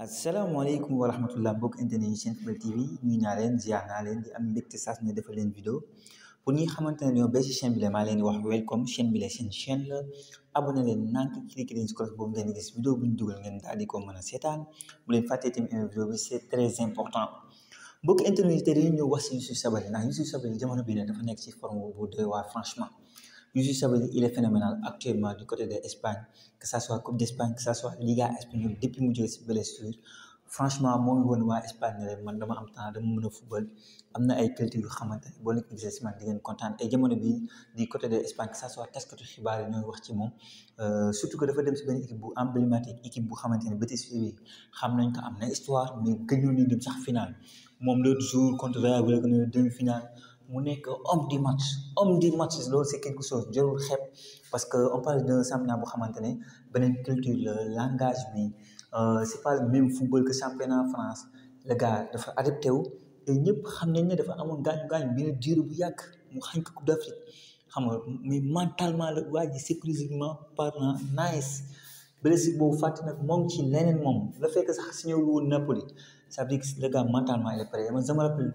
asalaamaaleykum wa rahmatulah mbokk internet yi Senfootball TV ñuy naa leen ziar naa leen di am mbégte saa su ne defal leen vidéo pour ñi xamante ne ñoo ba si chaîne bi la maa leen di wax welcome chaîne bi la seen chaîne la abonné leen nank cliqué leen si cloche boobu ngeen gis vidéo bu ñu dugal ngeen daal di ko mën a seetaan bu leen fàttee tamit vidéo bi c'est très important mbokk internet yi tey dañu ñëw wax si Youssouf Sabaly ndax Youssouf Sabaly jamono bii nag dafa nekk ci forme bu doy waar franchement. Youssouf Sabaly, il est phénoménal actuellement du côté de l'Espagne, que ce soit Coupe d'Espagne, que ce soit Liga espagnole, depuis mon jeu blessure. Franchement, moi, je suis en Espagne, man dama am temps dama mëna football amna ay culture yu xamantene bo nek gisé ci man di Et contane ay jamono bi di côté de l'Espagne, que ça soit taskatu xibaar yi ñoy wax ci mom euh surtout que dafa dem ci ben équipe bu emblématique équipe bu xamantene Betis bi xam nañ ko am na histoire mais gëñu ni dem sax finale mom le jour contre Real une demi finale mu nekk homme du match homme du match loolu c'est quelque chose jarul xeeb parce que on parle d'un championnat bu xamante ne beneen culture la langage bi euh, c'est pas le même football que championnat France le gars dafa adapté wu te ñëpp xam nañ ne dafa amoon gaañu gaañu bi ne diir bu yàgg mu xañ ko Coupe d'Afrique xam nga mais mentalement la waa ji sécurisément parlant nice blessé boobu fàtte nag moom ci leneen moom la fekk sax si lu woon Napoli ça veut dire que le gars mentalement il est prêt man je me rappelle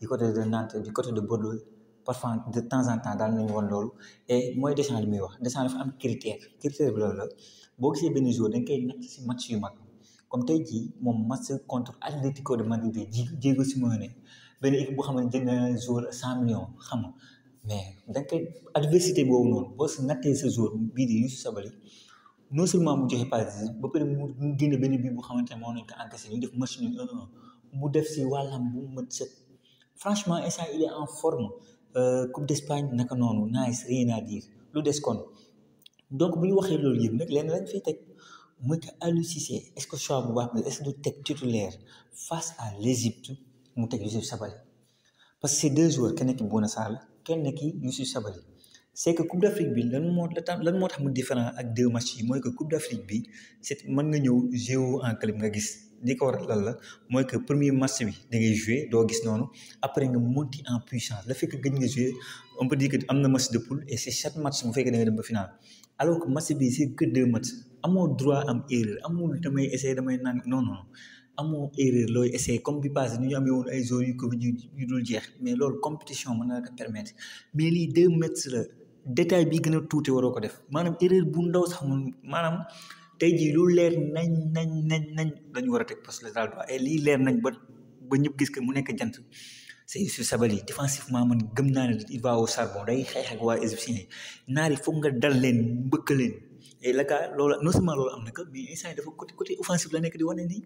du côté de Nantes du côté de Bordeaux parfois de temps en temps daal nañu woon loolu et mooy Deschamps li muy wax Deschamps dafa am critère critère bi loolu la boo gisee benn jour dañ koy natt si match yu mag comme tey jii moom match contre Atletico de Madrid ji Diego Simeone benn équipe boo xam ne jënd na jour 100 millions xam nga mais dañ koy adversité boobu noonu boo si nattee jour bii di Youssouf non seulement mu joxe passe ba pare mu génne benn bi bu xamante ne moom encaissé ñu def match nul 1-1 mu def si wàllam bu mu mën set franchement Issa il est en forme euh, Coupe d'Espagne naka noonu nice rien à dire lu des kon donc bu ñu waxee loolu yëpp nag lenn lañ fiy teg muy ka Alou Cissé est ce que choix bu baax est ce que du teg titulaire face à l'Égypte mu teg Youssouf Sabali parce que ces deux joueurs kenn ki Bouna Sarr la kenn ki Youssouf Sabaly c' que Coupe d'Afrique bi lan moo lan moo tax mu différent ak deux matchs yi mooy que Coupe d'Afrique bi c'est man nga ñëw géo en club nga gis li ko waral lan la mooy que premier match bi da ngay joué doo gis noonu après nga monter en puissance la fekk gëj nga joué on peut dire que am na match de poule et ces chaque match mu fekk da ngay dem ba final alors que match bi c'est que deux matchs amoo droit am erreur amul damay essayer damay naan non non amoo erreur looy essayer comme bi passé ni ñu amee woon ay zones yu Covid yu dul jeex mais loolu compétition mën na la ko permettre mais lii deux matchs la détail bi gën a tuuti waroo ko def maanaam erreur bu ndaw sax maanaam. tey jii lu leer nañ nañ nañ nañ dañu war a teg poste latéral droit et lii leer nañ ba ba ñëpp gis que mu nekk jant Youssouf Sabaly défensivement man gëm naa ne il va au charbon day xeex ak waa égyptiens yi naar yi foog nga dal leen mbëkk leen elaka eh, lola non seulement lola am ko mais isa dafa côté côté offensive la nek di wone ni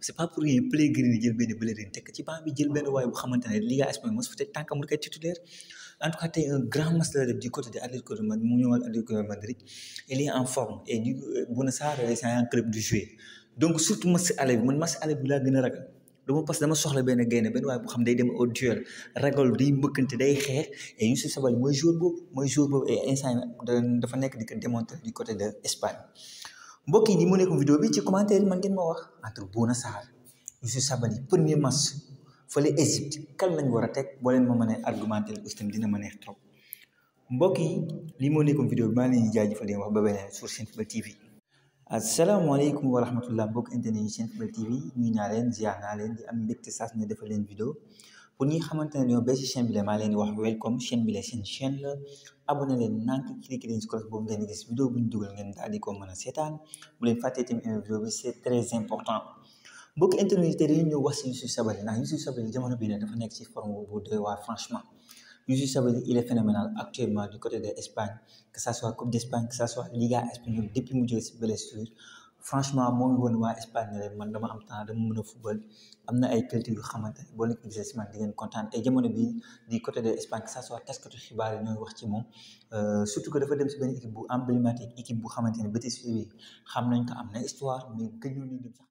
c'est pas pour rien play green jël ben bele rin tek ci ban bi jël ben way bu xamantene liga espagne mo fete tank mu kay titulaire en tout cas tay un grand match la def du côté de atletico de madrid mo ñewal atletico de madrid il est en forme et du bonne sa relation club du jouer donc surtout match aller man match aller bi la gëna ragal dama parce que dama soxla benn gaynde benn waaye bu xam day dem au duel ragal day mbëkkante day xeex et Youssouf Sabaly mooy joueur boobu mooy joueur boobu et dafa nekk di ko démontrer du côté mbokk yi ni mu nekk bi ci commentaire yi man ngeen ma wax entre Bouna Sarr Youssouf Sabaly premier match fële Égypte kan lañ war a teg boo leen ma mën a argumenté aussi dina ma neex trop mbokk yi li moo nekkoon vidéo bi maa leen di jaajëfal di wax ba beneen sur Senfootball TV asalaamaaleykum wa rahmatulah mbokk internet yi Senfootball TV ñuy naa leen ziar naa leen di am mbégte saa su ne defal leen vidéo pour ñi xamante ne ñoo bees si chaîne bi la maa leen di wax welcome chaîne bi la seen chaîne la abonné leen nank cliqué leen si cloche boobu ngeen gis vidéo bu ñu dugal ngeen daal di ko mën a seetaan bu leen fàttee tamit vidéo bi c'est très important. mbokk internet yi tey dañuy ñëw wax si Youssouf Sabaly ndax Youssouf Sabaly jamono bii dafa nekk si forme bu doy waar franchement. Youssouf Sabaly, il est phénoménal actuellement du côté de l'Espagne, que ce soit Coupe d'Espagne, que ce soit Liga espagnole, depuis mu jógee si blessure franchement moom woon waa espagnol, ne man dama am temps dama a football am na ay culture yu xamante boo leen ko gisee man di ngeen kontaan ay jamono di côté de l'Espagne, que ça soit test xibaar yi ñooy wax ci Euh, surtout que dafa dem si benn équipe bu emblématique équipe bu xamante ne Betis bi xam nañ ko am histoire mais gëjoon nañ dem sax